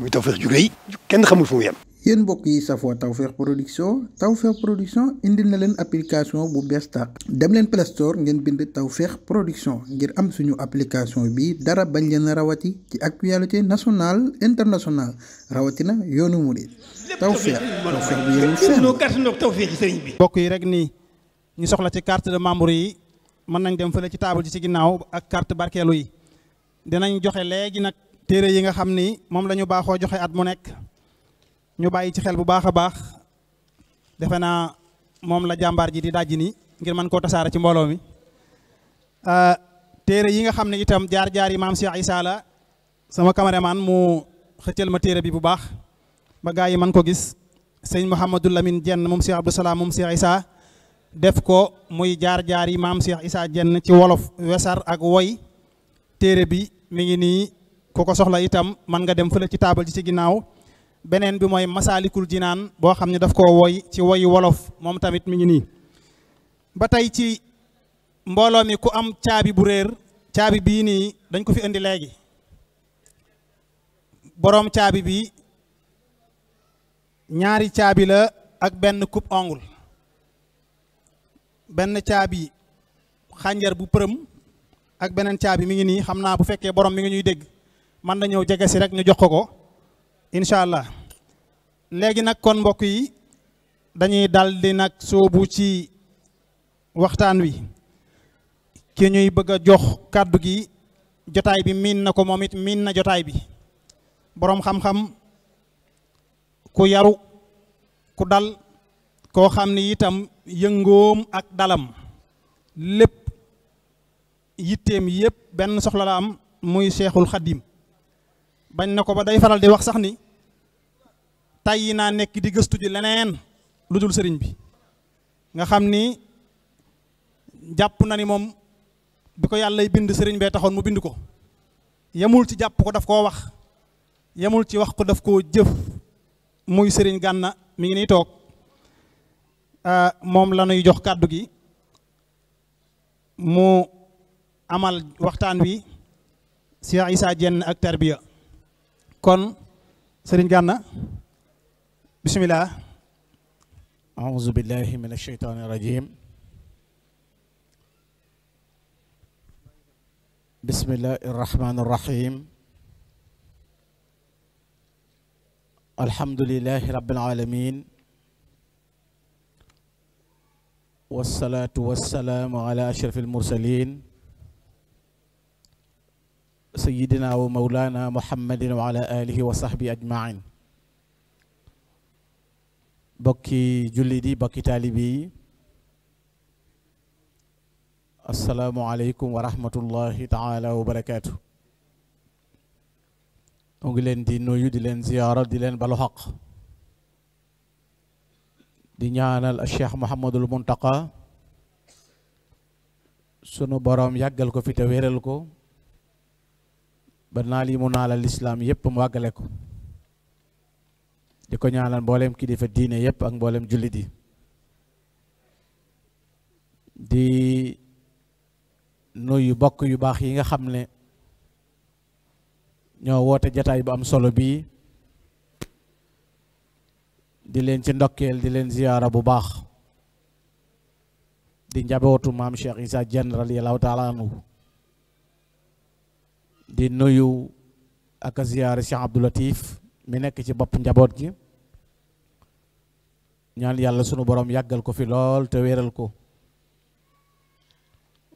muy Tawfekh ju rëy kenn xamul fu mu yi safoo Tawfekh production Tawfekh na leen application bu bees tàq dem leen Play Store ngeen bind Tawfekh production ngir am suñu application bi dara bañ leen rawati ci actualité nationale internationale rawatina yoonu murid Tawfekh Tawfekh bu yemul fenn. mbokk yi rek ni ñu soxla ci carte de membre yi mën nañ dem fële ci table ji ci ginnaaw ak carte barkeelu yi dinañ joxe léegi nag. téere yi nga xam ni moom la ñu baaxoo joxe at mu nekk ñu bàyyi ci xel bu baax a baax defe naa moom la jàmbaar ji di dajji ni ngir mën koo tasaara ci mbooloo mi euh, téere yi nga xam ne itam jaar-jaar yi maam Cheikh Issa la sama caméraman mu xëccal ma téere bi bu baax ba yi mën ko gis sëñ Mouhamadou Lamine Dieng moom Cheikh Abdou Salaam moom Cheikh Issa def ko muy jaar-jaar yi maam seex isaa Dieng ci wolof wesar ak woy téere bi mi ngi nii ku ko soxla itam mën nga dem fële ci taabal ji ci ginnaaw beneen bi mooy masaalikul jinaan boo xam ne daf koo woy ci woyi wolof moom tamit mu ngi nii ba tey ci mbooloo mi ku am caabi bu réer caabi bii nii dañ ko fi indi léegi boroom caabi bi ñaari caabi la ak benn coupe ongle benn caabi xànjar bu përëm ak beneen caabi mi ngi nii xam naa bu fekkee borom mi nga ñuy dégg mën na ñëw jege si rek ñu jox ko ko incha allah léegi nag kon mbokk yi dañuy dal nag soobu ci waxtaan wi ki ñuy bëgg a jox kàddu gi jotaay bi miin na ko moom it miin na jotaay bi boroom xam-xam ku yaru ku dal koo xam ni itam yëngoom ak dalam lépp yitteem yépp benn soxla la am muy Seexul Xadiim bañ na ko ba day faral di wax sax ni tàyyi naa nekk di gëstu ji leneen lu dul sëriñ bi nga xam ni jàpp na ni moom bi ko yàllay bind sëriñ bee taxoon mu bind ko yemul ci jàpp ko daf koo wax yemul ci wax ko daf koo jëf muy sëriñ Gànna mi ngi nii toog euh, moom la ñuy jox kàddu gi mu amal waxtaan wi Cheikh saa jenn ak tarbiya kon sëriñ Gànna bisimilah aouzu billahi min asheytaani rajim bismillahi irrahmani irrahim alhamdulilahi rabbil alamin wasalaatu wasalaamu ala ashrafil mursalin sayidina wa maulana muhammadin wa ala alihi wa sahbi ajmain bokki jullit yi bokki taalibe yi asalaamualeykum wa rahmatullahi taala wa barakaatu mu ngi leen di nuyu di leen ziyaara di leen balu xaq di ñaanal cheikh muhammadul muntaqa sunu boroom yàggal ko fi te wéral ko ba naal yi mu naalal lislaam yëpp mu àggale ko di ko ñaanal mbooleem kilifa diine yëpp ak mbooleem jullit yi di nuyu bokk yu baax yi nga xam ne ñoo woote jataay bu am solo bii di leen ci ndokkeel di leen ziyaara bu baax di njabootu maam Cheikh Issa Diène radiyallahu taala anhu di nuyu ak a ziyaare Cheikh Abdou Latif nekk ci bopp njaboot gi ñaan yàlla sunu boroom yàggal ko fi lool te wéeral ko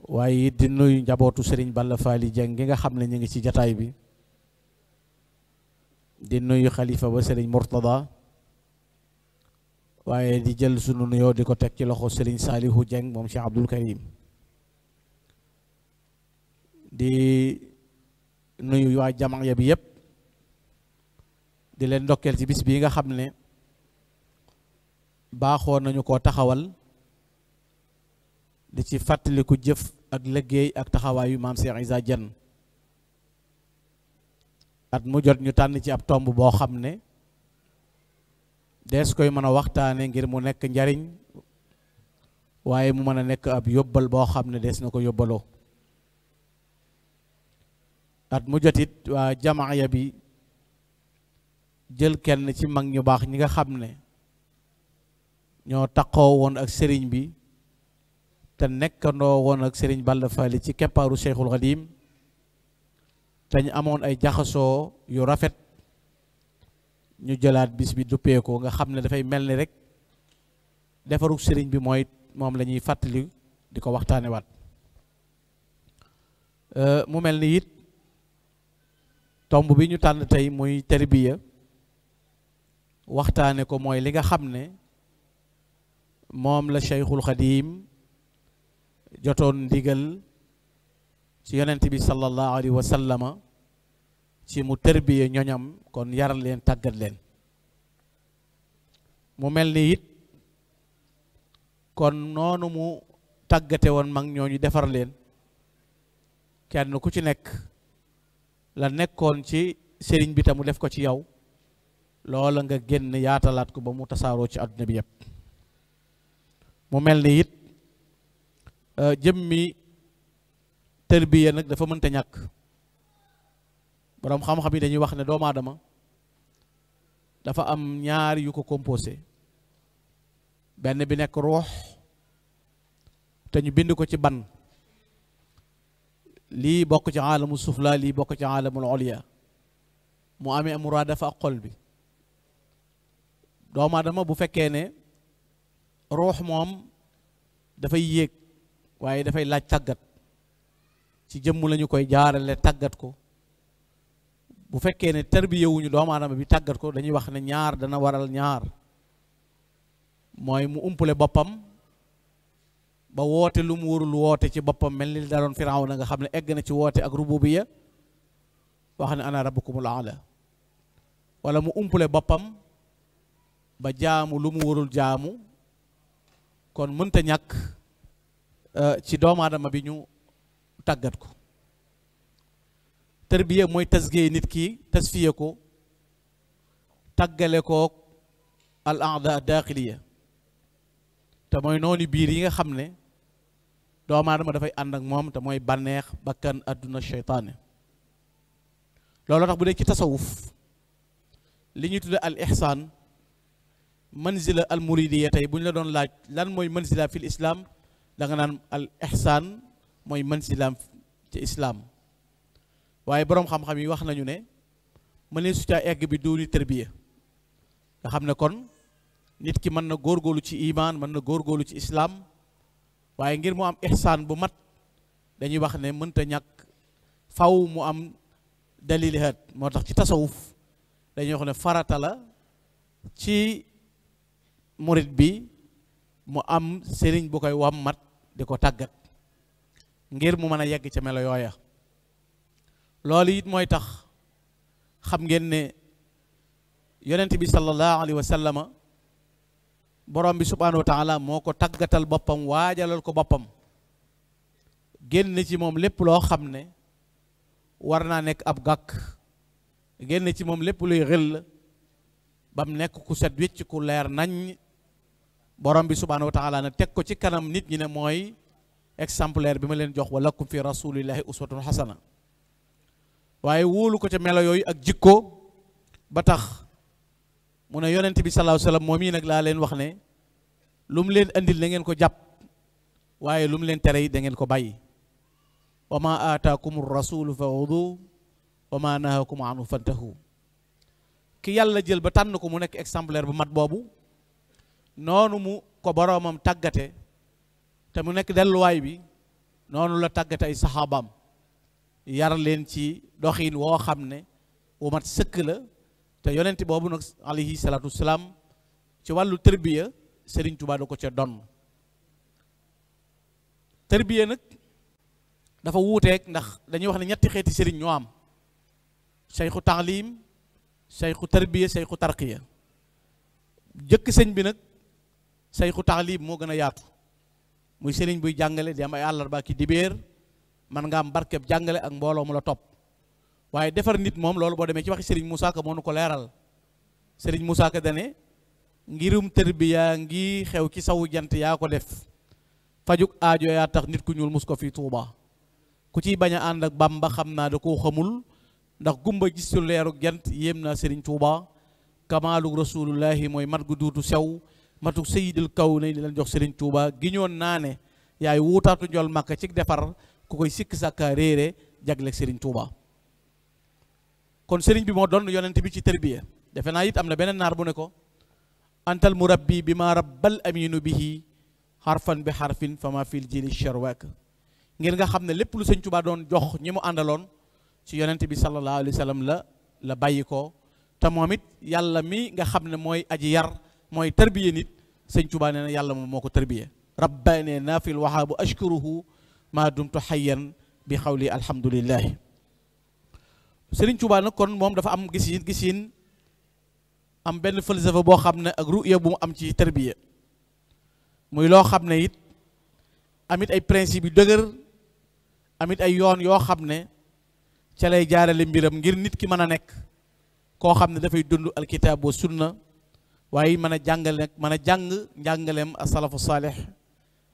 waaye it di nuyu njabootu Serigne Balla Jeng gi nga xam ne ñu ngi ci jataay bi di nuyu xalifa ba Serigne Mourtada waaye di jël sunu nuyoo di ko teg ci loxo Serigne Saalihu Jeng moom Cheikh Abdoul Karim di nuyu waa jamaaya bi yëpp di leen ndokkeel ci bis bii nga xam ne baaxoo nañu ko taxawal di ci fàttaliku jëf ak liggéey ak taxawaayu maam Cheikh Issa Diène at mu jot ñu tànn ci ab tomb boo xam ne des koy mën a waxtaane ngir mu nekk njariñ waaye mu mën a nekk ab yóbbal boo xam ne des na ko yóbbaloo at mu jotit waa jamaaya bi jël kenn ci mag ñu baax ñi nga xam ne ñoo taqoo woon ak sëriñ bi te nekkandoo woon ak sëriñ Balla Fally ci keppaaru Cheikhul Khadim te ñu amoon ay jaxasoo yu rafet ñu jëlaat bis bi duppee nga xam ne dafay mel ni rek defarug sëriñ bi mooy moom lañuy ñuy fàttali di ko waxtaanewaat euh, mu mel ni it tomb bi ñu tànn tey muy tarbiya waxtaane ko mooy li nga xam ne moom la Cheikhul Xadim jotoon ndigal ci yenent bi sallallahu alayhi wa ci mu tarbiya ñoñam kon yar leen tàggat leen mu mel ni it kon noonu mu tàggate woon mag ñoo ñu defar leen kenn ku ci nekk la nekkoon ci sëriñ bi tam mu def ko ci yow loola nga génn yaatalaat ko ba mu tasaaroo ci àdduna bi yëpp mu mel ni it euh, jëmmi tërbiya nag dafa mënta ñàkk boroom xam-xam yi dañuy wax ne doomu dafa am ñaar yu ko composé benn bi nekk ruux te ñu bind ko ci ban lii bokk ci aalamu sufla lii bokk ci aalamul oliya mu amee muraadafa ak xol bi doomaadama bu fekkee ne ruux moom dafay yéeg waaye dafay laaj tàggat ci jëmm lañu koy jaarale tàggat ko bu fekkee ne tarbiyewuñu doomu aadama bi tàggat ko dañuy wax ne ñaar dana waral ñaar mooy mu umpule boppam ba woote lu mu warul woote ci boppam mel ni daroon firaw na nga xam ne egg na ci woote ak rububiya wax ne ana rabbukumul aala walla mu umpule boppam ba jaamu lu mu warul jaamu kon mënta ñàkk euh, ci doomu aadama bi ñu tàggat ko tërbiya mooy tasgee nit ki tasfiye ko tàggale kook al aada daaxiliya te mooy noonu biir yi nga xam ne doomu aadama dafay ànd ak moom te mooy banneex bakkan àdduna seytaane looloo tax bu dee ci tasawuf li ñuy tudde al ihsaan manzila al muridiya tey bu ñu la doon laaj lan mooy manzila fil islam da nga naan al ihsaan mooy manzilaam ci islaam waaye boroom xam-xam yi wax nañu ne mën su caa egg bi duuni tërbiya nga xam ne kon nit ki mën na góor góorlu ci imaan mën na góorgóorlu ci islaam waaye ngir mu am ihsaan bu mat dañuy wax ne mënta ñàkk faw mu am dalilihaat moo tax ci tasawuf dañuy wax ne farata la ci murit bi mu am sëriñ bu koy wam mat di ko tàggat ngir mu mën a yegg ca melo yooya loolu it mooy tax xam ngeen ne yonent bi sallallahu alayhi wa sallama borom bi subhaanahu wa taala moo ko tàggatal boppam waajalal ko boppam génn ci moom lépp loo xam ne war naa nekk ab gàkk génn ci moom lépp luy xëll ba mu nekk ku set wécc ku leer nañ borom bi subhaanahu wa taala na teg ko ci kanam nit ñi ne mooy exemplaire bi ma leen jox wa lakum fi rasulillahi uswatun xasana waaye wóolu ko ca melo yooyu ak jikko ba tax mu ne yonent bi salaahu salaam moom yi nag laa leen wax ne lu mu leen andil na ngeen ko jàpp waaye lu mu leen tere yi da ko bàyyi wa ma aataakum rasulu fa xudu wa ma nahakum anhu fantahu ki yàlla jël ba tànn ko mu nekk exemplaire bu mat boobu noonu mu ko boroomam tàggate te mu nekk delluwaay bi noonu la tàggate ay saxaabaam yar leen ci doxin woo xam ne wu mat sëkk la te yonent boobu nag alayhi salaatu salaam ci wàllu tërbiya Serigne Touba ko ca donn tërbiya nag dafa wuuteek ndax dañuy wax ne ñetti xeeti sëriñ ñoo am sayxu taalim sayxu tërbiya sayxu tarqiya jëkk sëñ bi nag sayxu taalim moo gën a yaatu muy sëriñ buy jàngale di am ay àllarba ki dibéer man nga am barkeb jàngale ak mbooloo mu la topp waaye defar nit moom loolu boo demee ci waxi Serigne Moussa Ka moo nu ko leeral Serigne Moussa Ka dane ngirum tërbiya ngi xew ci sawu jant yaa ko def fajuk aajo yaa tax nit ku ñuul mus ko fi Touba ku ciy bañ a ànd ak Bamba xam naa da koo xamul ndax gumba gistu leeru jant yéem naa Serigne Touba kamaalug rasulullahi mooy mat gu duutu sew matuk sayidil kaw nañ di leen jox Serigne Touba giñoon naa ne yaay wuutaatu njol màkk ci defar ku koy sikk sàkka réere jagleeg Serigne kon sëriñ bi moo doon yonent bi ci tërbiya defe naa it am na beneen naar bu ne ko antal murabbi bi ma rabbal aminu bihi xarfan bi xarfin fama fil jili charwak ngir nga xam ne lépp lu sëñ Tuubaa doon jox ñi mu àndaloon ci yonent bi sallallahu alayhi sallam la la bàyyi ko te moom it yàlla mi nga xam ne mooy aji yar mooy tërbiya nit sëñ nee na yàlla moom moo ko tërbiya rabbanee naa fil wahaabu ashkuruhu maa dumtu xayyan bi xawli alhamdulillahi Serigne Touba na kon moom dafa am gis yin gis am benn falsafa boo xam ne ak ruya bu mu am ci tarbiya muy loo xam ne it amit ay principe yu dëgër amit ay yoon yoo xam ne ca lay jaarale mbiram ngir nit ki mën a nekk koo xam ne dafay dund alkitaab wa sunna waaye mën a jàngale mën a jàng njàngaleem asalafu saalix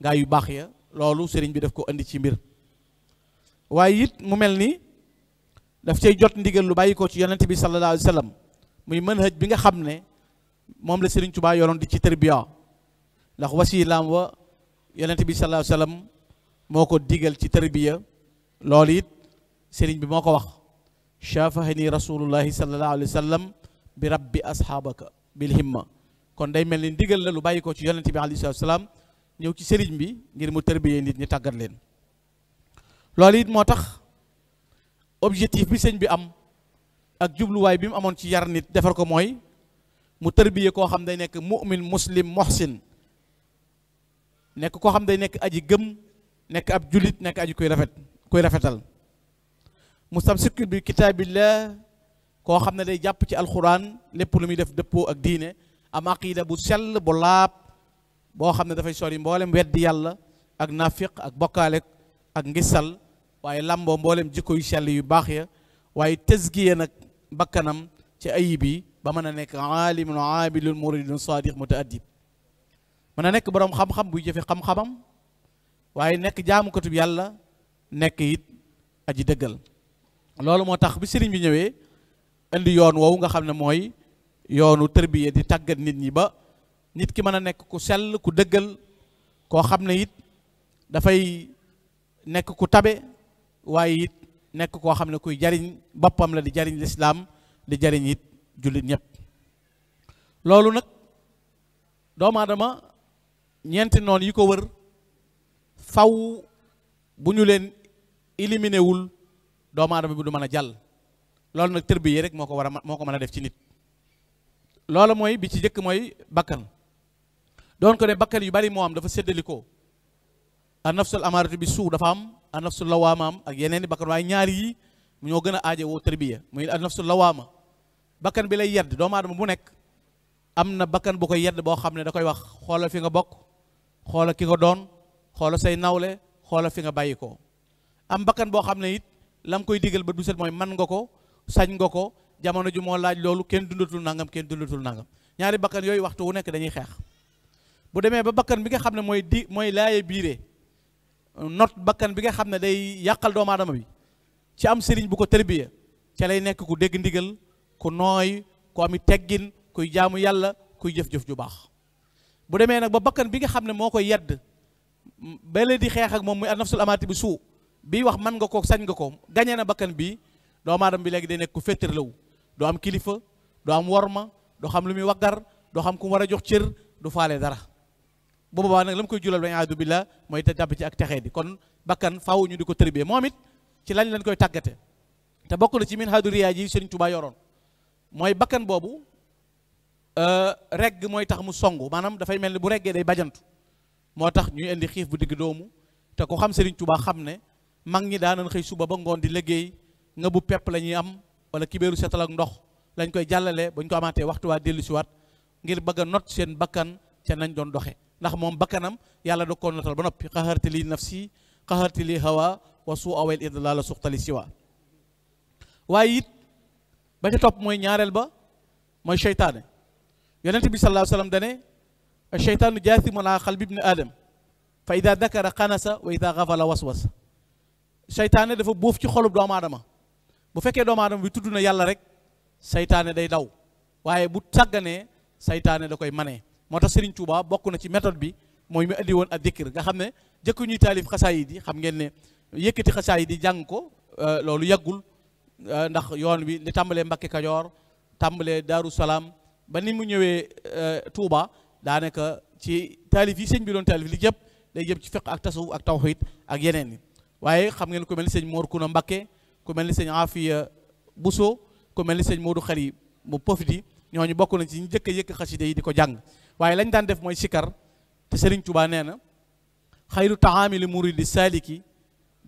ngaa yu baax ya loolu sëriñ bi daf ko indi ci mbir waaye it mu mel ni daf cay jot ndigal lu bàyyi ko ci yonent bi sallallahu alayhi wa sallam muy manhaj bi nga xam ne moom la Serigne Touba yoroon di ci tarbiya ndax wasilaam wa yonent bi sallallahu alayhi moo ko digal ci tarbiya loolu it Serigne bi moo ko wax shafahani rasulullahi sallallahu alayhi wa sallam bi rabbi asxaabaka bil himma kon day mel ni ndigal la lu bàyyi ko ci yonent bi alayhi salaam ñëw ci Serigne bi ngir mu tarbiya nit ñi tàggat leen loolu it moo tax objectif bi sëñ bi am ak jubluwaay bi mu amoon ci yar nit defar ko mooy mu tërbiye koo xam day nekk mu'min muslim muhsin nekk koo xam day nekk aji gëm nekk ab julit nekk aji kuy rafet kuy rafetal mustamsikun bi kitaabillah koo xam ne day jàpp ci alxuraan lépp lu muy def dëppoo ak diine am aqida bu sell bu laab boo xam ne dafay sori mboolem weddi yàlla ak nafiq ak bokkaale ak ngisal waaye làmboo mboolem jikko yu sell yu baax ya waaye tësgiye nag bakkanam ci ayib yi ba mën a nekk aalimun aabidun muridun saadiq mutaaddib mën a nekk boroom xam-xam buy jëfe xam-xamam waaye nekk jaamukatub yàlla nekk it aji dëggal loolu moo tax bi sëriñ bi ñëwee indi yoon woowu nga xam ne mooy yoonu tërbiye di tàggat nit ñi ba nit ki mën a nekk ku sell ku dëggal koo xam ne it dafay nekk ku tabe waaye it nekk koo xam ne kuy jariñ boppam la di jariñ lislaam di jariñ it jullit ñëpp loolu nag doomu aadama ñeenti noon yi ko wër faw bu ñu leen éliminé wul doomu aadama bu du mën a jàll loolu nag tërbi rek moo ko war a moo ko mën a def ci nit loolu mooy bi ci njëkk mooy bakkan doon ko ne bakkan yu bari moo am dafa séddalikoo an nafsul amaaratu bi suu dafa am an nafsul lawaama am ak yeneen i bakkan waaye ñaar yi ñoo gën a aaje woo tarbiya muy an nafsul lawaama bakkan bi lay yedd doomu aadama bu nekk am na bakkan bu ko yedd boo xam ne da koy wax xoolal fi nga bokk xoolal ki nga doon xoolal say nawle xoolal fi nga bàyyi ko am bakkan boo xam ne it lam koy digal ba set mooy man nga ko sañ nga ko jamono ji moo laaj loolu kenn dundatul nangam kenn dundatul nangam ñaari bakkan yooyu waxtu wu nekk dañuy xeex bu demee ba bakkan bi nga xam ne mooy di mooy laaye biire not bakkan bi nga xam ne day yàqal doomu aadama bi ci am sëriñ bu ko tërbiya ca lay nekk ku dégg ndigal ku nooy ku ami teggin kuy jaamu yàlla kuy jëf-jëf ju baax bu demee nag ba bakkan bi nga xam ne moo koy yedd ba di xeex ak moom muy an-nafsul amaati bi suu bii wax mën nga ko sañ nga ko gañee na bakkan bii doomu bi léegi day nekk ku féttarlawu doo am kilifa doo am worma doo xam lu muy waggar doo xam ku war a jox cër du faale dara bu boobaa nag la mu koy julal dañ aadu billah mooy te tàbbi ci ak texee bi kon bakkan faaw ñu di ko tërbie moom it ci lañ leen koy tàggate te bokk na ci min haadu riyaa ji Sëriñ Tuubaa yoroon mooy bakkan boobu euh, rek mooy tax mu songu maanaam dafay mel ni bu reggee day bajantu moo tax ñuy indi xiif bu digg doomu te ko xam Sëriñ Tuubaa xam ne mag ñi daanan xëy suba ba ngoon di liggéey nga bu pepp lañuy am wala kibéeru setal ak ndox lañ koy jàllale ba ko amaatee waxtu waa dellusiwaat ngir bëgg a not seen bakkan ca nañ doon doxe ndax moom bakkanam yàlla da koo notal ba noppi xaxarti li nafsi xaxarti li hawa wa suu awel idla la suxtali siwa waaye it ba ca topp mooy ñaareel ba mooy seytaane yonent bi sallallahu alayhi wa sallam dane seytaanu jaasimun ala qalbi ibni aadam fa ida dakara xanasa wa ida xafala waswas seytaane dafa bóof ci xolub doomu aadama bu fekkee doomu aadama bi tudd na yàlla rek seytaane day daw waaye bu sàgganee seytaane da koy manee moo tax Serigne Touba bokk na ci méthode bi mooy mu indi woon ak dikir nga xam ne jëkk ñuy taalif xasaayid yi xam ngeen ne yëkkati xasaayid yi di jàng ko euh, loolu yàggul euh, ndax yoon wi li tàmbalee Mbakke Kajoor tàmbalee Daaru Salaam ba ni mu ñëwee euh, Touba daanaka ci taalif yi sëñ bi doon taalif li jëpp day jëm ci fiq ak tasawuf ak tawxiid ak yeneen yi waaye xam ngeen ku mel ni sëñ Mor Kuna Mbakke ku mel ni sëñ Afiya Buso ku mel ni sëñ Modou Xali mu pofdi ñooñu bokk na ci ñu jëkk a yëkk xasida yi di ko jàng waaye lañ daan def mooy sikar te Serigne Touba nee na xayru taami li muridi saaliki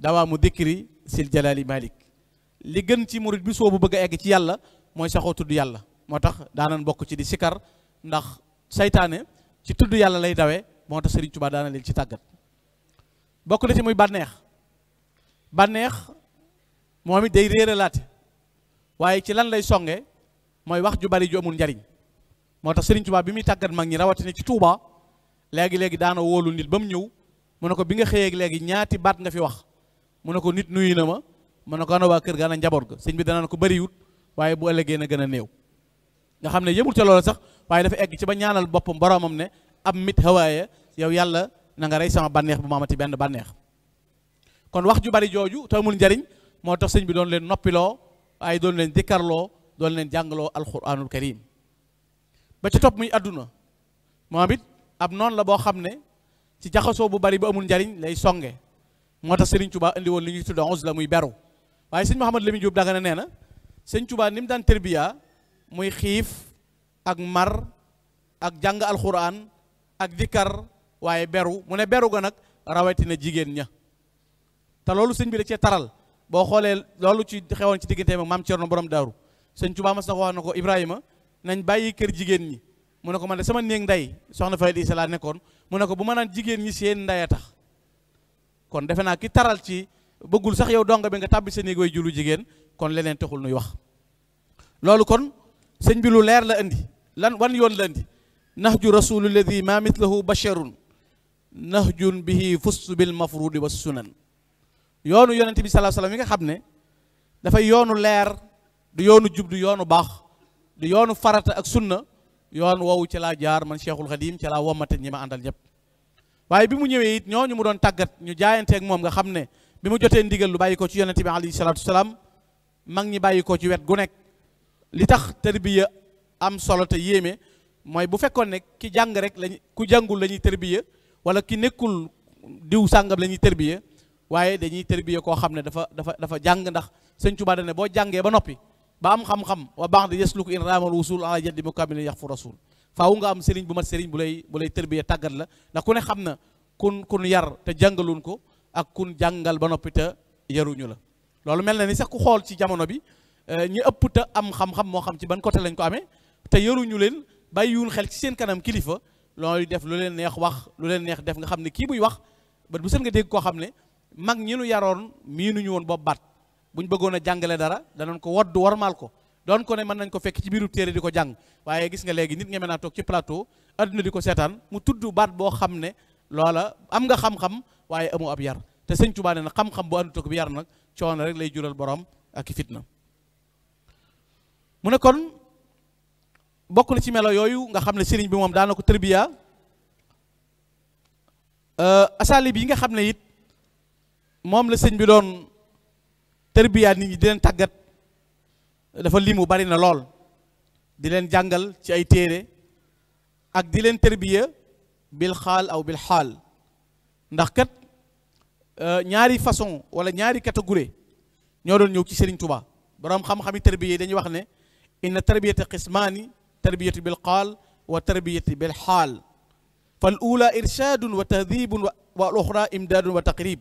dawaamu dikri sil jalali malik li gën ci murid bi soo bu bëgg a egg ci yàlla mooy saxoo tudd yàlla moo tax daanan bokk ci di sikar ndax seytaane ci tudd yàlla lay dawee moo tax Serigne Touba daana ci tàggat bokk na ci muy bànneex bànneex moom it day réeralaate waaye ci lan lay songe mooy wax ju bari ju amul njariñ moo tax Serigne Touba bi muy tàggat mag ñi rawatina ci Touba léegi léegi daana woolu nit ba mu ñëw mu ne ko bi nga xëyeeg léegi ñaati baat nga fi wax mu ne ko nit nuyu na ma mu ne ko ana waa kër ga njaboot ga sëñ bi danaan ko bëriwut waaye bu ëllëgee na gën a néew. nga xam ne yëmul ca loola sax waaye dafa egg ci ba ñaanal boppam boromam ne am mit hawaaya yow yàlla na nga rey sama bànneex bu ma amati benn bànneex kon wax ju bari jooju te amul njariñ moo tax sëñ bi doon leen noppiloo waaye doon leen dikkarloo doon leen jàngaloo alquranul karim ba ci topp muy àdduna moom it ab noon la boo xam ne ci jaxasoo bu bari bu amul njariñ lay songe moo tax Serigne Touba indi woon li ñuy tudda onze la muy beru waaye sëñ Mouhamadou Lamine Diop Dagana nee na sëñ Touba ni mu daan tërbiya muy xiif ak mar ak jàng alxuraan ak dikkar waaye beru mu ne beru ga nag rawatina jigéen ña te loolu sëñ bi da cee taral boo xoolee loolu ci xewoon ci digganteem ak maam Cerno borom daaru sëñ Touba mas na ko wax na ko Ibrahima nañ bàyyi kër jigéen ñi mu ne ko man de sama néeg nday soxna Faye di laa nekkoon mu ne ko bu ma naan jigéen ñi seen ndaya tax kon defe naa ki taral ci bëggul sax yow donga bi nga tàbbi sa néeg way julu jigéen kon leneen taxul nuy wax loolu kon sëñ bi lu leer la indi lan wan yoon la indi nahju rasulu lladi ma mithlahu basharun bi bihi fustu bil mafrudi wa sunan yoonu yonente bi salaa salaam yi nga xam ne dafay yoonu leer du yoonu jub du yoonu baax yoonu farata ak sunna yoon woowu ci laa jaar man cheikhul xadim ci laa womate ñi ma àndal ñëpp waaye bi mu ñëwee it ñooñu mu doon tàggat ñu jaayanteeg moom nga xam ne bi mu jotee ndigal lu bàyyi ko ci yonente bi alayhi salatu wasalaam mag ñi bàyyi ci wet gu nekk li tax tërbiya am solo te yéeme mooy bu fekkoon ne ki jàng rek lañ ku jàngul la ñuy tërbiya wala ki nekkul diw sàngam lañuy ñuy tërbiya waaye dañuy tërbiya koo xam ne dafa dafa dafa jàng ndax sëñ Tuubaa dane boo jàngee ba noppi ba am xam-xam wa baax da yasluku in raamal wusul ala jaddi mukamilin yax fu rasul faawu nga am sëriñ bu mat sëriñ bu lay bu lay tërbiya tàggat la ndax ku ne xam na kun kun yar te jàngaluñ ko ak kun jàngal ba noppi te yaruñu la loolu mel na ni sax ku xool ci jamono bi eh, ñu ëpp te am xam-xam moo xam ci ban côté lañ ko amee te yaruñu leen bàyyiwuñ xel ci seen kanam kilifa looy def lu leen neex wax lu leen neex def nga xam ne kii buy wax ba bu seen nga dégg koo xam ne mag ñi nu yaroon woon boobu baat buñ bëggoon a jàngale dara danoon ko woddu warmaal ko doon ko ne mën nañ ko fekk ci biiru téere di ko jàng waaye gis nga léegi nit ñeme naa toog ci plateau adduna di ko seetaan mu tudd baat boo xam ne loola am nga xam-xam waaye amoo ab yar te sëñ Tuubaa nee na xam-xam bu àndut ak bi yar nag coono rek lay jural borom ak fitna mu ne kon bokk na ci melo yooyu nga xam ne sëriñ bi moom daana ko tërbiya euh, asaalib yi nga xam ne it moom la sëñ bi doon tërbiyaat nit ñi di leen tàggat dafa limu bari na lool di leen jàngal ci ay téere ak di leen tërbiya bil xaal aw bil xaal ndax kat euh, ñaari façon wala ñaari catégorie ñoo doon ñëw ci Serigne Touba borom xam-xami tërbiya dañuy wax ne inna tarbiyata qismaani tarbiyatu bil xaal wa tarbiyatu bil xaal fal ula irshadun wa tahdibun wa al oxra imdaadun wa taqrib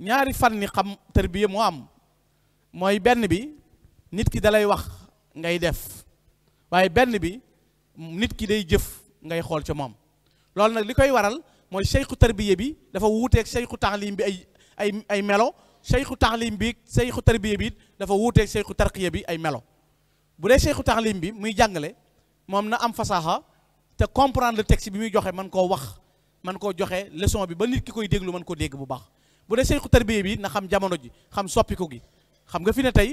ñaari fan fànni xam tarbiya moo am mooy benn bi nit ki dalay wax ngay def waaye benn bi nit ki day jëf ngay xool ca moom loolu nag li koy waral mooy seyxu tarbiya bi dafa wuuteeg seyxu taalim bi ay ay ay melo seyxu taalim bi seyxu tarbiya bi dafa wuuteeg seyxu tarqiya bi ay melo bu dee seyxu taalim bi muy jàngale moom na am fasaaxa te comprendre le bi muy joxe man koo wax man koo joxe lesson bi ba nit ki koy déglu man koo dégg bu baax bu dee seyku tarbiya bi na xam jamono ji xam soppiku gi xam nga fi ne tey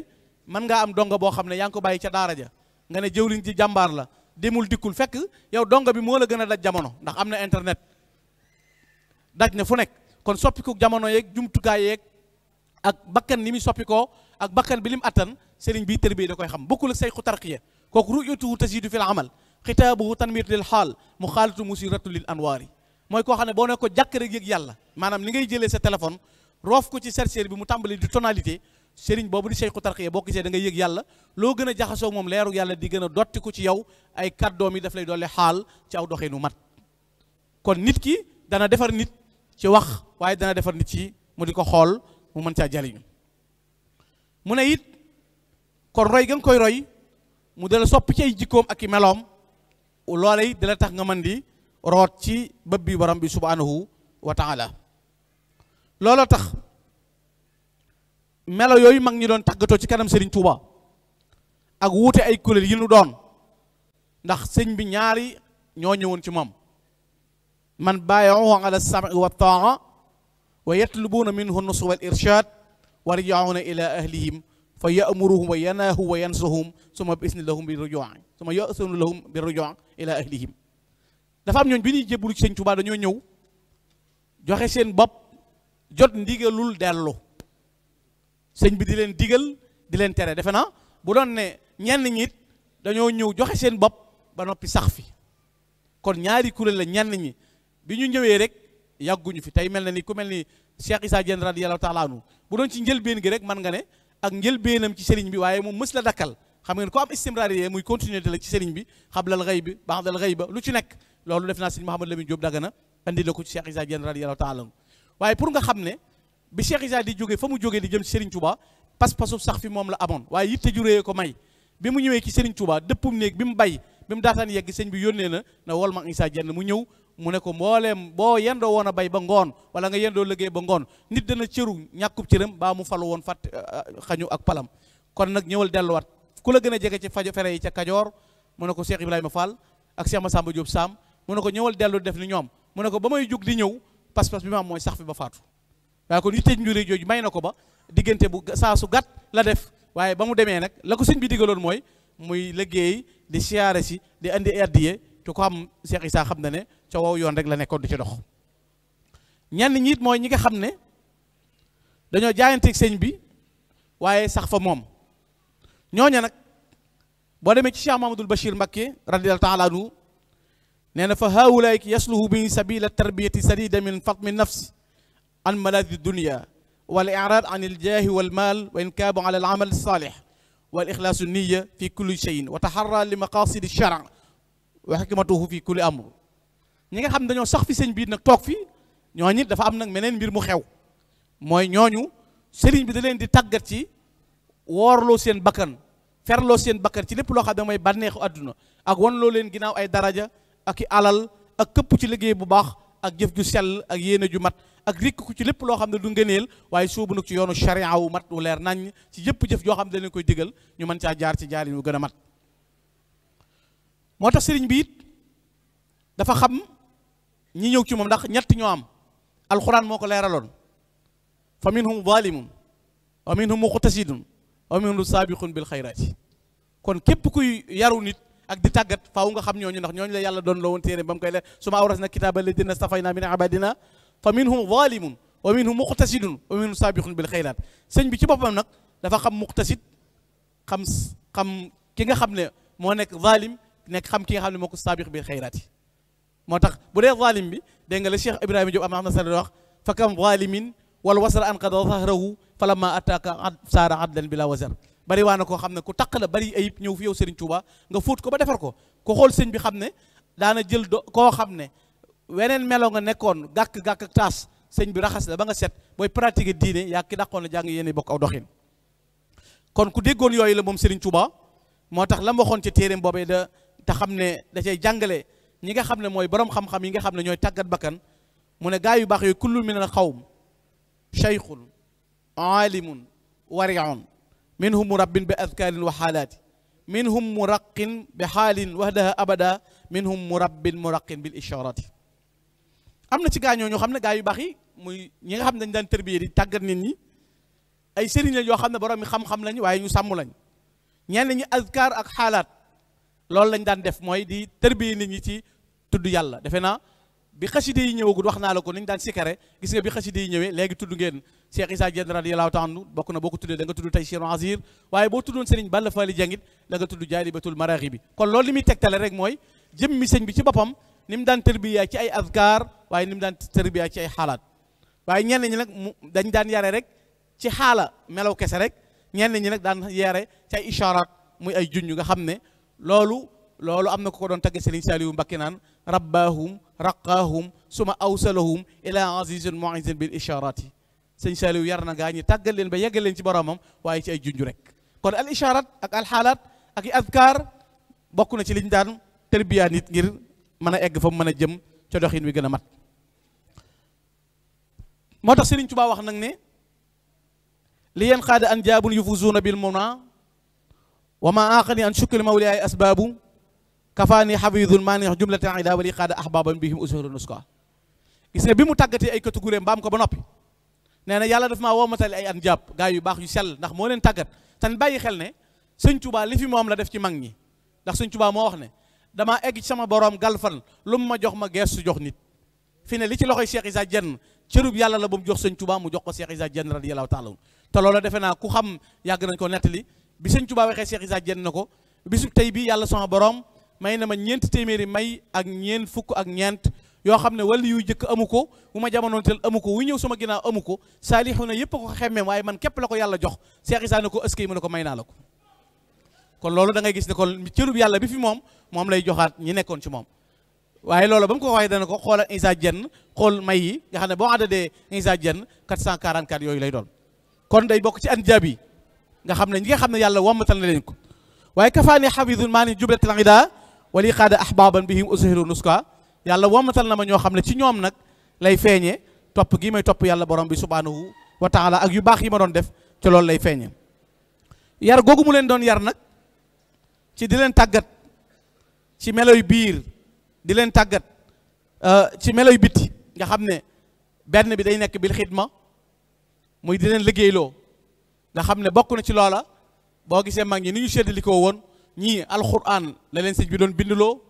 mën nga am donga boo xam ne yaa ngi ko bàyyi ca daara ja nga ne jëwliñ ji jàmbaar la demul dikkul fekk yow donga bi moo la gën a daj jamono ndax am na internet daj na fu nekk kon soppiku jamono yeeg jumtukaay yeeg ak bakkan ni muy soppikoo ak bakkan bi lim attan sëriñ bi tarbiya da koy xam bokkul ak seyku tarqiya kooku ruyatuhu tasidu fil amal xitaabuhu tan lil xaal mu xaalitu musiratu lil anwaari mooy koo xam ne boo ne ko jàkk rek yëg yàlla maanaam ni ngay jëlee sa téléphone roof ko ci chercheur bi mu tàmbali di tonalité sëriñ boobu di Seexu Tarxiya boo gisee da ngay yëg yàlla loo gën a jaxasoo moom leeru yàlla di gën a dotti ko ci yow ay kàddoom yi daf lay doole xaal ci aw doxinu mat kon nit ki dana defar nit ci wax waaye dana defar nit ci mu di ko xool mu mën caa jariñu mu ne it kon roy ga koy roy mu dala sopp ci ay jikkoom ak i meloom loola it dala tax nga mën di root ci bëb bi borom bi subhanahu wa taala looloo tax melo yooyu mag ñi doon tàggatoo ci kanam Serigne Touba ak wuute ay kuréel yi nu doon ndax sëñ bi ñaari ñoo ñëwoon ci moom man baayahu ala sam'i wa taa wa yatlubuuna minhu nusra wal irshad wa yarji'uuna ila ahlihim fa ya'muruhum wa yanaahu wa yansahum suma bisni lahum bi rujuu suma ila ahlihim dafa am ñooñ bi ñuy jébbalu ci sëñ Tuubaa dañoo ñëw joxe seen bopp jot ndigalul dellu sëñ bi di leen digal di leen tere defe naa bu doon ne ñenn ñi dañoo ñëw joxe seen bopp ba noppi sax fi kon ñaari kuréel la ñenn ñi bi ñu ñëwee rek yàgguñu fi tey mel na ni ku mel ni Cheikh Issa Diène radiyallahu taala anhu bu doon ci njëlbeen gi rek man nga ne ak njëlbeenam ci sëriñ bi waaye moom mës la dakkal xam ngeen ko am istimraariye muy continuité la ci sëriñ bi xablal xëy bi ba'dal xëy ba lu ci nekk loolu def naa ma Mouhamadou Lamine Diop Dagana andi la ko ci Cheikh Issa Diène radiyallahu taala waaye pour nga xam ne bi Cheikh Issa di jóge fa mu jógee di jëm ci sëriñ Touba pas-pasu sax fi moom la amoon waaye yitte ju ko may bi mu ñëwee ci sëriñ Touba dëppum néeg bi mu bay bi mu daataan yegg sëñ bi yónnee na na wol ma Issa Diène mu ñëw mu ne ko mbooleem boo yendoo woon a bay ba ngoon wala nga yendoo liggéey ba ngoon nit dana cëru ñàkkub cëram baa mu falu woon fàtt xañu ak palam kon nag ñëwal delluwaat ku la gën a jege ci fajo fere yi ca Kajoor mu ne ko Cheikh ma Fall ak Cheikh Massamba Diop Sam mu ne ko ñëwal dellu def ni ñoom mu ne ko ba may jóg di ñëw pas-pas bi ma am mooy sax fi ba faatu waaye kon yittee njuree jooju may na ko ba diggante bu saa su la def waaye ba mu demee nag la ko sëñ bi digaloon mooy muy liggéey di siyaare si di indi addiye ci ko xam Cheikh saa xam na ne ca wow yoon rek la nekkoon di ci dox ñenn ñi mooy ñi nga xam ne dañoo jaayanteeg sëñ bi waaye sax fa moom ñooña nag boo demee ci Cheikh Mahamadul Bachir Mbakke radiallahu taala anhu nee na fa haulaayki yasluhu bi sabila tarbiyati sadida min fatmi nafsi an maladi dunia wal irad an il jaahi wal maal wa inkaabu ala al amal saalih wal ixlaasu niya fi kulli cheyin wa taxarra li maqasidi shara wa xikmatuhu fi kulli amr ñi nga xam ne dañoo sax fi sëñ biir nag toog fi ñooñu dafa am nag meneen mbir mu xew mooy ñooñu sëriñ bi da leen di tàggat ci woorloo seen bakkan ferloo seen bakkan ci lépp loo xam ne mooy bànneexu àdduna ak wan loo leen ginnaaw ay daraja ak i alal ak këpp ci liggéey bu baax ak jëf ju sel ak yéene ju mat ak rikk ku ci lépp loo xam ne du ngëneel waaye soobu nag ci yoonu charia wu mat wu leer nañ ci yëpp jëf joo xam ne dañ koy digal ñu mën caa jaar ci jaar yu gën a mat moo tax sëriñ bi dafa xam ñi ñëw ci moom ndax ñetti ñoo am alxuraan moo ko leeraloon fa minhum zalimun wa minhum muqtasidun aminu saabiqun bil xayraati kon képp ku yaru nit ak di tàggat faaw nga xam ñooñu ndax ñooñu la yàlla doon la woon téere ba mu koy le su ma awras na kitaaba ladina stafayna min abadina fa minhum zalimun wa minhum muqtasidun wa minhum saabiqun bil xayraat sëñ bi ci boppam nag dafa xam muqtasid xam ki nga xam ne moo nekk zalim nekk xam ki nga xam ne moo ko saabiq bil xayraat yi moo tax bu dee zalim bi dégg nga la Cheikh Ibrahima Diop am na wax fa kam zalimin wala wasara an qada zahrahu falamma ataaka saara adlan bila wazar bari waa na koo xam ne ku taq la bari ayib ñëw fi yow Serigne Touba nga fóot ko ba defar ko ku xool sëñ bi xam ne daana jël do koo xam ne weneen melo nga nekkoon gàkk-gàkk ak taas sëñ bi raxas la ba nga set booy pratique diine yaa ki dàqoon a jàng yéen bokk aw doxin kon ku déggoon yooyu la moom Serigne Touba moo tax lam waxoon ca téeréem boobee da te xam ne da cay jàngale ñi nga xam ne mooy borom xam yi nga xam ne ñooy tàggat bakkan mu ne gaa yu baax yooyu kullu min al xawm cheykhun aalimun wariun minhum murabbin bi adkaarin wa xaalaati minhum muraqin bi xaalin wahdaha abada minhum murabbin muraqin bi isharati am na ci gaañoo ñoo xam ne gaa yu baax yi muy ñi nga xam ne dañ daan tërbiyee di tàggat ni ñi ay sëriñ yoo xam ne borom mi xam-xam lañ waaye ñu sàmm lañ ñenn ñi azkaar ak xaalaat loolu lañ daan def mooy di tërbiyee nit ñi ci tudd yàlla defe naa bi xaside yi ñëwagul wax naa la ko ni ñu daan sikare gis nga bi xaside yi ñëwee léegi tudd ngeen Cheikh Issa Dieng radiyallahu ta'ala bokk na boo ko tuddee da nga tudd Taysiirul Asiir waaye boo tuddoon Serigne Balla Faali jangit da nga tudd Jaalibatul Maraaxibi kon loolu li muy tegtale rek mooy jëmmi sëñ bi ci boppam ni mu daan tërbiyaa ci ay azkar waaye ni mu daan tërbiyaa ci ay xaalaat waaye ñenn ñi nag mu dañ daan yare rek ci xaala melaw kese rek ñenn ñi nag daan yare ci ay isharaat muy ay junj nga xam ne loolu loolu am na ko ko doon tagge Serigne Saliou Mbacké naan rabbaahum raqaahum suma awsalahum ila azizin muizin bil isharati Serigne Saliou yar na gaa ñi tàggal leen ba yeggal ci boromam waaye ci ay junju rek kon al isharat ak alxaalaat ak i adkaar bokk ci liñ daan tërbiyaa nit ngir mën a egg fa mu mën a jëm ca wi gën a mat moo tax Serigne Touba wax nag ne li yen xaada an jaabun yufuzuuna bil muna wa ma aqani an shukri mawliyaay asbaabu kafaani xabidun maanix jumlatan ida wali qaada ahbaban bihim usuru nuska gis nga bi mu tàggatee ay catégorie mbaam ko ba noppi nee na yàlla daf maa woomatali ay an jàpp gaa yu baax yu sell ndax moo leen tàggat tan bàyyi xel ne sëñ Tuubaa li fi moom la def ci mag ñi ndax sëñ Tuubaa moo wax ne damaa egg sama boroom galfan lu mu ma jox ma geestu jox nit fi ne li ci loxoy Cheikh Issa Diène cërub yàlla la ba mu jox sañ Tuubaa mu jox ko Cheikh Issa Diène radiyallahu taala te loolu defe naa ku xam yàgg nañ ko nettali bi sëñ Tuubaa waxee Cheikh Issa Diène na ko bisu bi yàlla sama boroom may na ma ñeenti téeméeri may ak ñeent fukk ak ñeent yoo xam ne wàllu yu jëkk amu ko wu ma jamonoonteel amu ko wu ñëw sama ginnaaw amu ko saalixu na yëpp ko xemmeem waaye man képp la ko yàlla jox Seex Isaa ne ko ëskay ne ko may naa la ko kon loolu da ngay gis ne kon cërub yàlla bi fi moom moom lay joxaat ñi nekkoon ci moom waaye loolu ba mu ko waxee dana ko xoolal Isaa Jenn xool may yi nga xam ne boo àddadee Isaa Jenn 444 yooyu lay doon kon day bokk ci anjaab yi nga xam ne ñi xam ne yàlla wammatal na leen ko waaye kafaani xafidun maa ni wali xaada ahbaban bihim ushiru nuska yàlla womatal na ma ñoo xam ne ci ñoom nag lay feeñee topp gii may topp yàlla borom bi subhanahu wa taala ak yu baax yi ma doon def ci loolu lay feeñee yar googu mu leen doon yar nag ci di leen tàggat ci meloy biir di leen tàggat euh, ci meloy biti nga xam ne benn bi day nekk bil xidma muy di leen liggéeyloo nga xam ne bokk na ci loola boo gisee mag ñi ni ñu séddalikoo woon ñii alxuraan la leen sëñ bi doon bindloo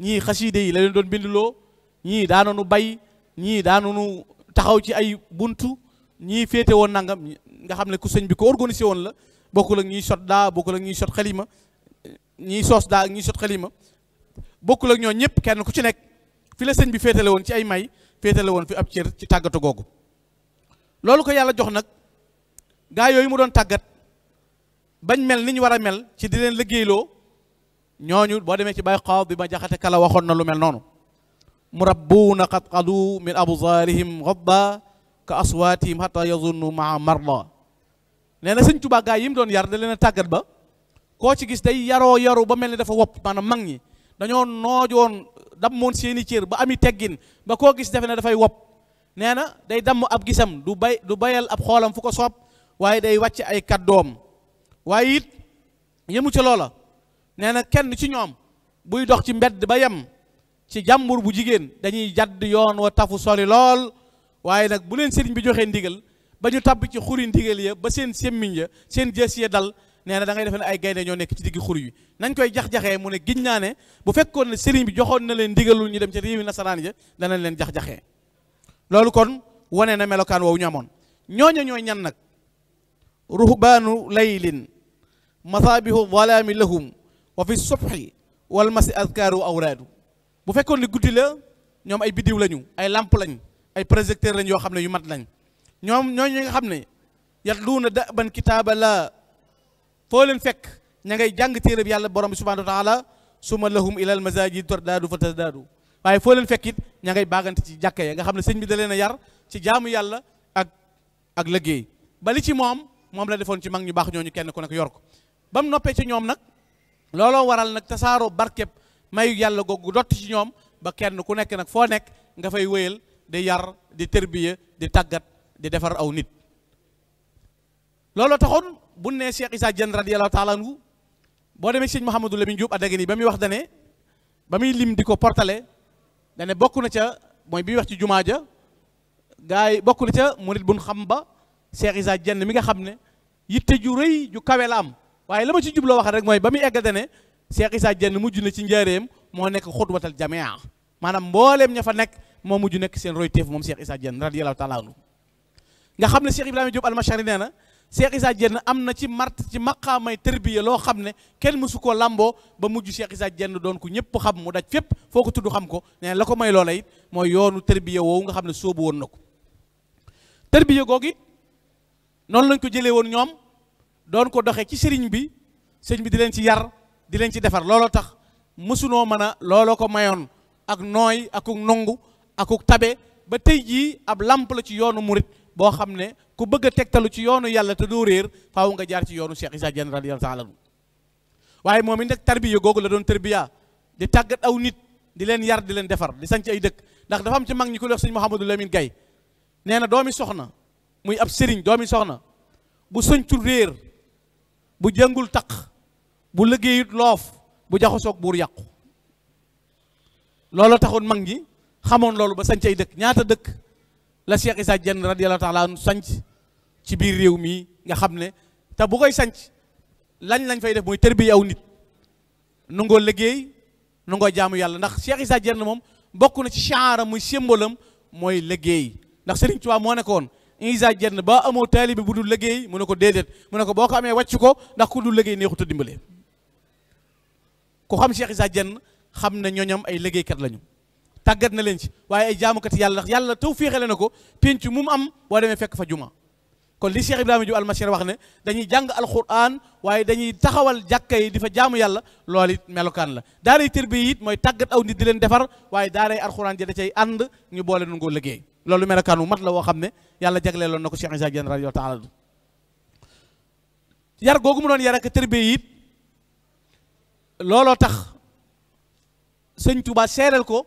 ñii xasiide yi la leen doon bindiloo ñii daanoonu bay ñii daanoonu taxaw ci ay buntu ñii féete woon nangam nga xam ne ku sëñ bi ko organisé woon la bokkul ak ñiy sot daa bokku la ñiy sot xalima ñiy soos daa ak ñiy sot xalima bokkul ak ñoo ñëpp kenn ku ci nekk fi la sëñ bi féetale woon ci ay may féetale woon fi ab cër ci tàggatu googu loolu ko yàlla jox nag gaa yooyu mu doon tàggat bañ mel ni ñu war a mel ci di leen liggéeyloo ñooñu boo demee ci bay xaw bi ma jaxate kala waxoon na lu mel noonu murabbuuna qad qadu min absaarihim ghadda ka aswaatihim hatta yazunnu maa marda nee na sëñ Tuubaa gaa yi mu doon yar da leen a tàggat ba koo ci gis day yaroo yaru ba mel ni dafa wopp maanaam mag ñi dañoo noojoon dammoon seeni cër ba ami teggin ba koo gis defe ne dafay wopp nee na day damm ab gisam du bay du bayal ab xoolam fu ko soob waaye day wàcc ay kaddoom waaye it yemu ca loola nee na kenn ci ñoom buy dox ci mbedd ba yam ci jàmbur bu jigéen dañuy jadd yoon wa tafu sori lool waaye nag bu leen sëriñ bi joxe ndigal ba ñu tabb ci xuri ndigal ya ba seen semmiñ ya seen jës ya dal nee na da defe ne ay gaynde ñoo nekk ci digg xur yi nañ koy jax-jaxee mu ne giñ naa ne bu fekkoon ne sëriñ bi joxoon na leen ndigalul ñu dem ca réewi nasaraan ya danañ leen jax-jaxee loolu kon wane na melokaan woowu ñu amoon ñooña ñooy ñan nag ruhbaanu laylin masaabihu zalaami lahum wa fi subhi wal masi azkaaru awraadu bu fekkoon li guddi la ñoom ay biddiw lañu ay làmp lañ ay projecteur lañ yoo xam ne yu mat lañ ñoom ñooñu nga xam ne lu na da ban kitaaba la foo leen fekk ña ngay jàng téereb yàlla borom bi subhanahu wa taala suma lahum ilal masajid tardaadu fa tasdaadu waaye foo leen fekk it ña ngay baagante ci jàkka ya nga xam ne sëñ bi da leen a yar ci jaamu yàlla ak ak liggéey ba li ci moom moom la defoon ci mag ñu baax ñooñu kenn ku nekk yor ko ba mu noppee ci ñoom nag looloo waral nag tasaaroo barkeb may yàlla googu dott ci ñoom ba kenn ku nekk nag foo nekk nga fay wéyal di yar di tërbiya di tàggat di defar aw nit looloo taxoon bu ne Cheikh Issa Diène radiyallahu taala anhu boo demee sëñ Mouhamadou Lamine Diop addaga nii ba muy wax dane ba muy lim di ko portale dane bokku na ca mooy bi wax ci jumaa ja gaa yi bokk na ca murit buñ xam ba Cheikh Issa Diène mi nga xam ne yitte ju rëy ju kawe la am waaye la ma ci jubloo wax rek mooy ba mu egg dane Cheikh Issa Diène mujj na ci njaareem moo nekk xutwatal jamia maanaam mbooleem ña fa nekk moo mujj nekk seen roy teef moom Cheikh Issa Diène radiyallahu taala anhu nga xam ne Cheikh Ibrahima Diop almachari nee na Cheikh Issa Diène am na ci mart ci maqaamay tërbiya loo xam ne kenn mësu koo lamboo ba mujj Cheikh Issa jenn doon ku ñëpp xam mu daj fépp foo ko tudd xam ko nee la ko may loola it mooy yoonu tërbiya woowu nga xam ne sóobu woon na ko tërbiya googi noonu lañ ko jëlee woon ñoom doon ko doxee ci sëriñ bi sëñ bi di leen ci yar di leen ci defar looloo tax mësunoo mën a looloo ko mayoon ak nooy akuk nongu akuk tabe ba tey jii ab lamp la ci yoonu murit boo xam ne ku bëgg a tegtalu ci yoonu yàlla te doo réer faaw nga jaar ci yoonu Cheikh Issa Diène radiyallahu taala anhu waaye moom it nag tarbiya googu la doon tarbiya di tàggat aw nit di leen yar di leen defar di sanc ay dëkk ndax dafa am ci mag ñi ku wax sëñ Mouhamadou Lamine Gaye nee na doomi soxna muy ab sëriñ doomi soxna bu sëñtu réer bu jëngul taq bu liggéeyut loof bu soog buur yàqu loolu taxoon mag ñi xamoon loolu ba sanc ay dëkk ñaata dëkk la Cheikh Issa Dieng radiyallahu taala an sanc ci biir réew mi nga xam ne te bu koy sanc lañ lañ fay def mooy tërbiya aw nit nu ngoo liggéey nu ngoo jaamu yàlla ndax Cheikh Issa Dieng moom bokk na ci chaara muy symbolam mooy liggéey ndax Serigne Touba moo nekkoon isa jenn ba amoo taalibe bu dul liggéey mu ne ko déedéet mu ne ko boo ko amee wàcc ko ndax ku dul liggéey neexut a dimbale ku xam Cheikh isa jenn xam ne ñooñam ay liggéeykat lañu tàggat na leen ci waaye ay jaamukat yàlla ndax yàlla taw féexale na ko penc mu mu am boo demee fekk fa juma kon li Cheikh Ibrahima Diouf almasir wax ne dañuy jàng alquran waaye dañuy taxawal jàkka yi di fa jaamu yàlla lool it melokaan la daaray tërbiya it mooy tàggat aw nit di leen defar waaye daaray alquran ji da cay ànd ñu boole nun koo liggéey loolu melokaan wu mat la woo xam ne yàlla jagleeloon na ko Cheikh Issa Diène radiyallahu taala yar googu doon yar ak tërbiya it looloo tax sëñ Touba seeral ko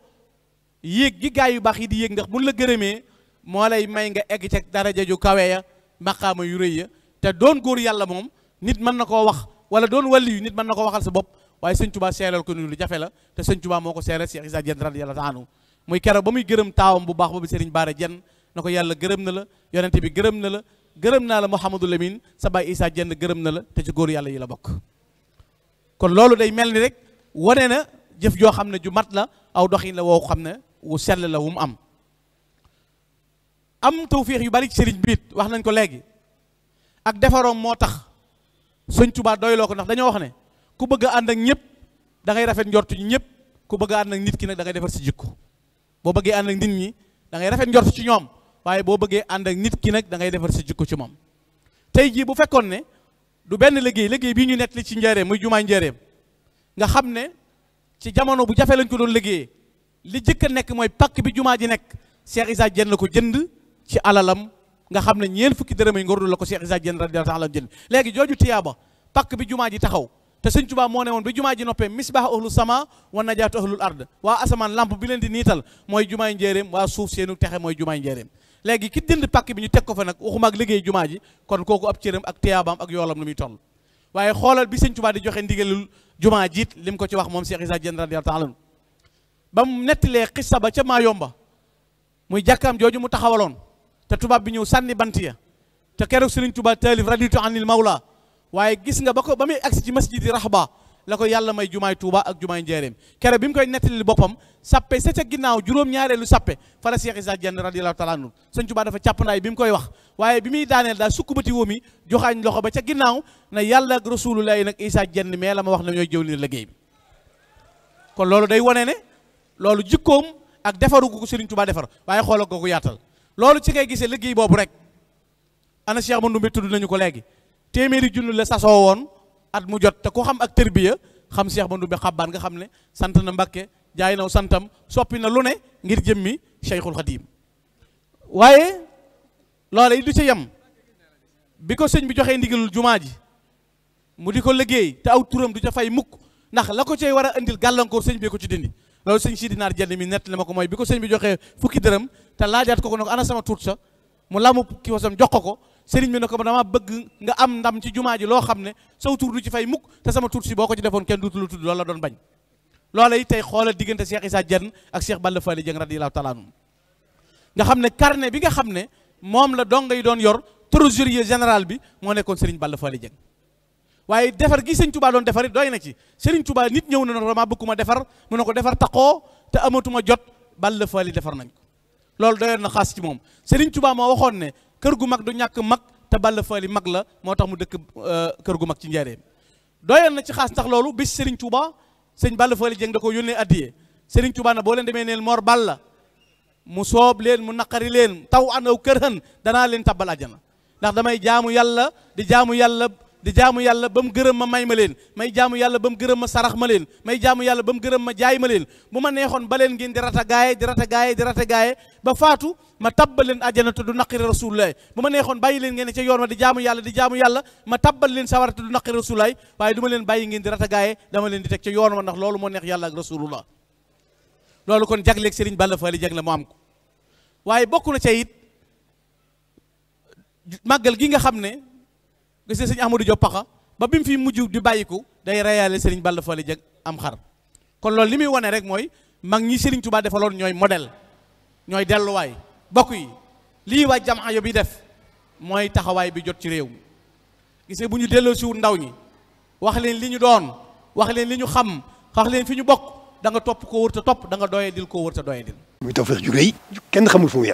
yéeg gi gaay yu baax yi di yéeg ndax buñ la gërëmee moo lay may nga egg ca daraja ju kawe ya maqaama yu rëy ya te doon góor yàlla moom nit mën na koo wax wala doon wàlli yu nit mën na koo waxal sa bopp waaye sëñ Touba seeral ko ni lu jafe la te sëñ Touba moo ko seeral Cheikh Issa Diène radiyallahu taala muy keroog ba muy gërëm taawam bu baax boobu Serigne Bara Diène na ko yàlla gërëm na la yonent bi gërëm na la gërëm naa la Mouhamadou Lamine sa baay Issa jenn gërëm na la te ci góor yàlla yi la bokk kon loolu day mel ni rek wane na jëf joo xam ne ju mat la aw doxin la woo xam ne wu sell la wu mu am am tawfiix yu bari sëriñ biit wax nañ ko léegi ak defaroom moo tax sëñ Tuubaa doyloo ko ndax dañoo wax ne ku bëgg a ànd ak ñëpp da rafet njortu ñëpp ku bëgg a ànd nit ki nag da ngay defar si jikko boo bëggee ànd ak nit ñi dangay rafet njort ci ñoom waaye boo bëggee ànd ak nit ki nag dangay ngay defar sa jikko ci moom tey jii bu fekkoon ne du benn liggéey liggéey bii ñu nett li ci njareem muy jumaa njareem nga xam ne ci jamono bu jafe lañ ko doon liggéeyee li jëkk a nekk mooy pakk bi jumaa ji nekk Cheikh Issa Diène ko jënd ci alalam nga xam ne ñeen fukki dërëm yi ngor du la ko Cheikh Issa Diène radiyallahu taala jënd léegi jooju tiyaaba pakk bi jumaa ji taxaw te sëñ Tuubaa moo ne woon bi jumaa ji noppee misbaax ahlu sama wa najaatu ahlul ard waa asamaan lamp bi leen di niital mooy jumaa njéeréem waa suuf seenu texe mooy jumaay njéeréem léegi ki dindi pàkk bi ñu teg ko fa nag waxuma ak liggéey jumaa ji kon kooku ab cëram ak teyaabam ak yoolam lu muy toll waaye xoolal bi sëñ Tuubaa di joxe ndigalul jumaa jiit lim ko ci wax moom Cheikh Issa Diène radiyallahu taala ba mu nettalee xissa ba ca maa Maayomba muy jàkkaam jooju mu taxawaloon te tubaab bi ñëw sànni bant ya te keroog sëriñ Tuubaa taalif raditu anil mawla waaye gis nga ba ko ba muy agsi ci masjid yi Raxba la ko yàlla may jumaay Touba ak jumaay Njaareem kere bi mu koy nettali boppam sappe sa ca ginnaaw juróom-ñaareelu sappe fara Cheikh Issa Diène radiyallahu taala anhu sëñ Touba dafa càppandaay bi mu koy wax waaye bi muy daaneel daal sukk bati wóomi joxaañ loxo ba ca ginnaaw na yàlla ak rasulullahi nag Issa jenn mais la ma wax ne ñooy jëw ni bi kon loolu day wane ne loolu jikkoom ak defaru ko Serigne Touba defar waaye xoolal ko ko yaatal loolu ci ngay gisee liggéey boobu rek ana Cheikh Mandoumbé tudd nañu ko léegi téeméeri junni la sasoo woon at mu jot te ku xam ak tërbiya xam seex Cheikh Bandoumbé Xabbaan nga xam ne sant na Mbàkke jaay naw santam soppi na lu ne ngir jëmmi Cheikhul Khadim waaye loola yi du ca yem bi ko sëñ bi joxee ndigalul jumaa ji mu di ko liggéey te aw turam du ca fay mukk ndax la ko cay war a indil gàllankoor sëñ bi ko ci dindi loolu sëñ Sidi Naar Jenn mi nett na ma ko mooy bi ko sëñ bi joxee fukki dërëm te laajaat ko ko ne ko ana sama tuut sa mu lamu ki wasam jox ko ko sëriñ bi ne ko ba dama bëgg nga am ndam ci jumaa ji loo xam ne saw tur du ci fay mukk te sama tur si boo ko ci defoon kenn duutu la tudd loolu la doon bañ loola yi tey xoolal diggante Cheikh Issa Dieng ak Cheikh Balla Fally Dieng radiyallahu taala anhu nga xam ne carnet bi nga xam ne moom la donga yi doon yor trésorier général bi moo nekkoon Serigne Balla Fally Dieng waaye defar gi Serigne tubaa doon defar dooy na ci Serigne Touba nit ñëw na ne dama bëgguma defar mu ne ko defar taqoo te amatuma jot Balla Fally defar nañ ko loolu doyoon na xaas ci moom Serigne Touba moo waxoon ne kër gu mag du ñàkk mag te Balla Fally mag la moo tax mu dëkk euh, kër gu mag ci njareem doyoon na ci xaas ndax loolu bis Serigne Touba sëñ Balla Fally Dieng da ko yónnee addiyee Serigne Touba na boo leen demee neel Mor Balla mu soob leen mu naqari leen taw anaw kër xën danaa leen tabbal àjjana ndax damay jaamu yàlla di jaamu yàlla di jaamu yàlla ba mu gërëm ma may ma leen may jaamu yàlla ba mu gërëm ma sarax ma leen may jaamu yàlla ba mu gërëm ma jaay ma leen bu ma neexoon ba leen ngeen di rata gaaye di rata gaaye di rata gaaye ba faatu ma tabbal leen àjjana te du naqari rasulullaay bu ma neexoon bàyyi leen ngeen ca yoon ma di jaamu yàlla di jaamu yàlla ma tabbal leen sawara te du naqari waaye du leen bàyyi ngeen di rata gaaye dama leen di teg ca yoon ma ndax loolu moo neex yàlla ak rasulullah loolu kon jagleeg Serigne Balla jag jagle mu am ko waaye bokk na ca it màggal gi nga xam ne nga see sëñ Ahmadou Diop Paxa ba bi mu fi mujj di bàyyiku day reyaale sëriñ Balla Fally Dieng am xar kon loolu li muy wane rek mooy mag ñi sëriñ Touba defaloon ñooy modèle ñooy delluwaay bokk yi lii waa jamaa yo bi def mooy taxawaay bi jot ci réew mi gis gisee bu ñu delloo si siwul ndaw ñi wax leen li ñu doon wax leen li ñu xam wax leen fi ñu bokk da nga topp koo wër topp da nga doyee dil koo wër ta doyee dil muy Tawfekh ju rëy kenn xamul fu mu